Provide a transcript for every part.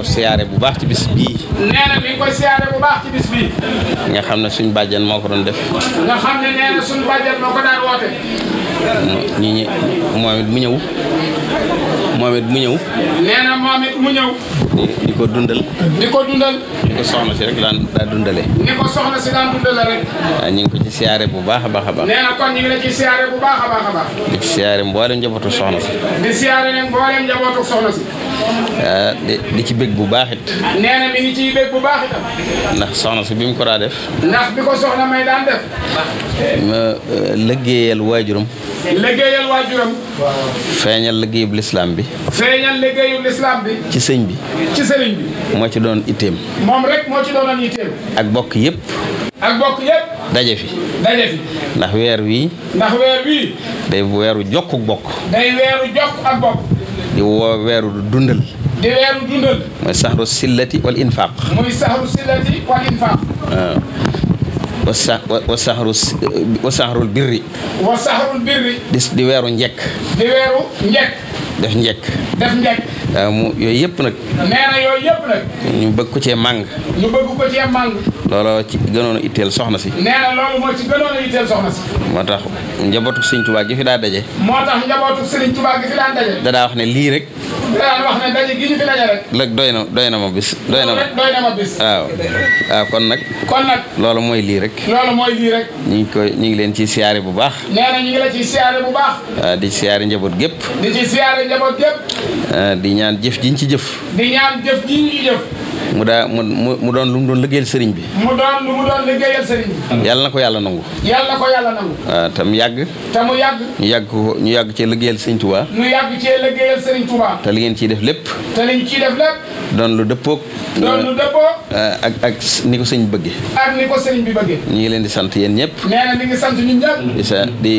ko siyaare bu baax ci bis bii. nee na mi ngi koy siyaare bu baax ci bis bii. nga xam ne suñ bàjjan moo ko doon def. nga xam ne nee na suñ bàjjan moo ko daan woote. ñi ñi moom it mu ñëw. moom it mu ñëw. nee na moom it mu ñëw. di ko dundal. di ko dundal. di ko soxna si rek daan daa dundale. ni ko soxna si daan dundale rek. waaw ñu ngi ko ci siyaare bu baax a baax a baax. nee na kon ñu ngi la ci siyaare bu baax a baax a baax. di siyaare mboolem njabootu soxna si. di siyaare ne mboolem njabootu soxna si. Ah, di ci bëgg bu baax mi ngi ciy bëgg bu baax ndax soxna si bi mu ko daa def. ndax bi ko soxna may daan def. ma eh, waajuram. liggéeyal waajuram. feeñal liggéeyub lislaam bi. feeñal liggéeyub lislaam bi. ci sëñ bi. ci moo ci doon itteem. moom rek moo ci doonoon ak bokk yëpp. ak bokk yëpp. daje fi. ndax weer wii. ndax weer wii. day weeru jokk bokk. day weeru jokk ak bokk. di woo weeru dundal. di weeru dundal. mooy saxru sillati wal infaq. muy saxru sillati wal infaq. waaw. wa birri. wa saxrul birri. di weeru njekk. di weeru njekk. def njekk. def njekk. mu yooyu yëpp nag. nee na yooyu nag. ñu bëgg ko cee màng. ñu bëgg ko cee màng. looloo ci gënoon a si. loolu moo ci gënoon itteel soxna si. moo tax njabootu Sëriñ Tuubaa daa daje. moo ne lii rek. da doy na doy na ma bis. doy na kon nag. loolu mooy lii rek. loolu mooy ñu ngi leen ci siyaare bu baax. nee na njaboot gépp. di ñaan jëf jiñ ci jëf. di ñaan jëf ji ci jëf. mu daa mu mu doon lu mu doon liggéeyal sëriñ bi. mu doon lu sëriñ bi. yàlla na ko yàlla nangu. yàlla ko yàlla nangu. waaw ah, te yàgg. te mu yàgg. ñu yàgg ko ñu yàgg cee liggéeyal sëriñ Touba. ñu yàgg cee liggéeyal sëriñ Touba. te li ngeen def lépp. te liñ ciy def lépp. doon lu dëppook doon lu dëppoog eh, ak ak ni ko sëñ bëgge ak ni ko sëñ bi bëgge ñu ngi leen di sant yéen ñëpp nee na ngi sant ñun ñëpp di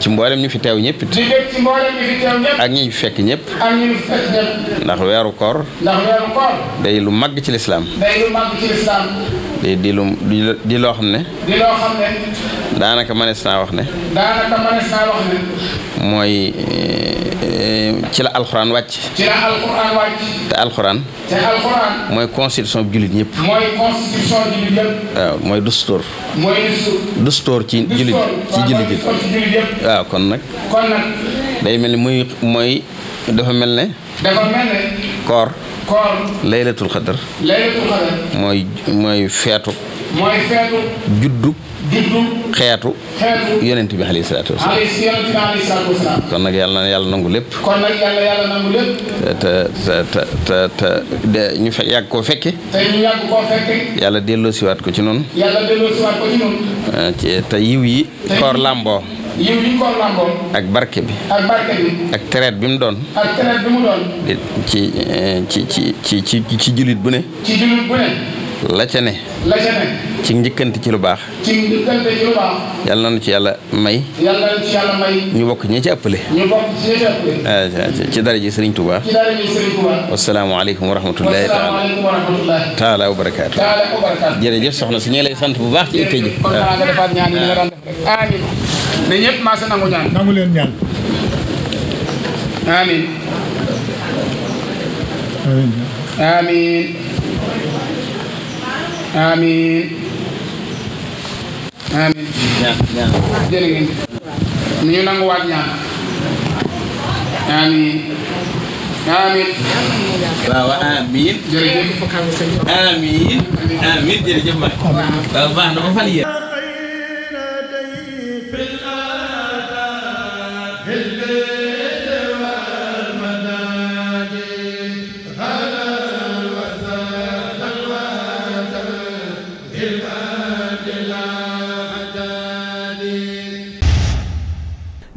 sa ci mboolem ñu fi teew ñëpp di bég ci mboolem ñu fi teew ñëpp ak ñi fekk ñëpp fekk ñëpp ndax weeru koor ndax day lu màgg ci lislaam di loo xam ne. di xam ne. daanaka manees naa wax ne. mooy eh, ci la alxuraan wàcc. alxuraan te alxuraan. mooy constitution bi jullit ñëpp. mooy constitution bi jullit mooy dustoor. mooy dustoor. ci jullit ci jullit waaw kon nag. kon nag. day mel ni mooy dafa mel ne. dafa mel ne. koor. koor laylatul xadar mooy mooy feetu mooy feetu juddu xeetu xeetu bi alayhi nag yàlla na yàlla nangu lépp kon nag yàlla yàlla nangu lépp te te fe koo fekke yàlla delloo ko ci noonu yàlla delloo siwaat ko ci noonu eh, te yiw yi koor làmboo yiw yi ko làmboon ak barke bi ak barke bi ak tereet bi mu doon ak tereet bi mu doon ci eh, ci ci ci ci ci jullit bu ne ci jullit bu ne la ca ne. ci lu baax. ci njëkkante ci lu baax. yàlla nañu ci yàlla may. yàlla nañu ci yàlla ñu bokk ci ëppale. ñu bokk ci ña ah, ci ëppale. ji Serigne Touba. ci dara ji Serigne Touba. taala wa taala wa barakaatu. jërëjëf soxna si ñu lay sant bu baax ci itte ji. waaw amiin. ne ñëpp maa sa nangu ñaan. amiin amiin jërë ngeen ni ñu nanguwaat ñaan amiin amiin waaw amiin jërëjëf amiin amiin jërëjëf ma waaw baax na ma fan yéen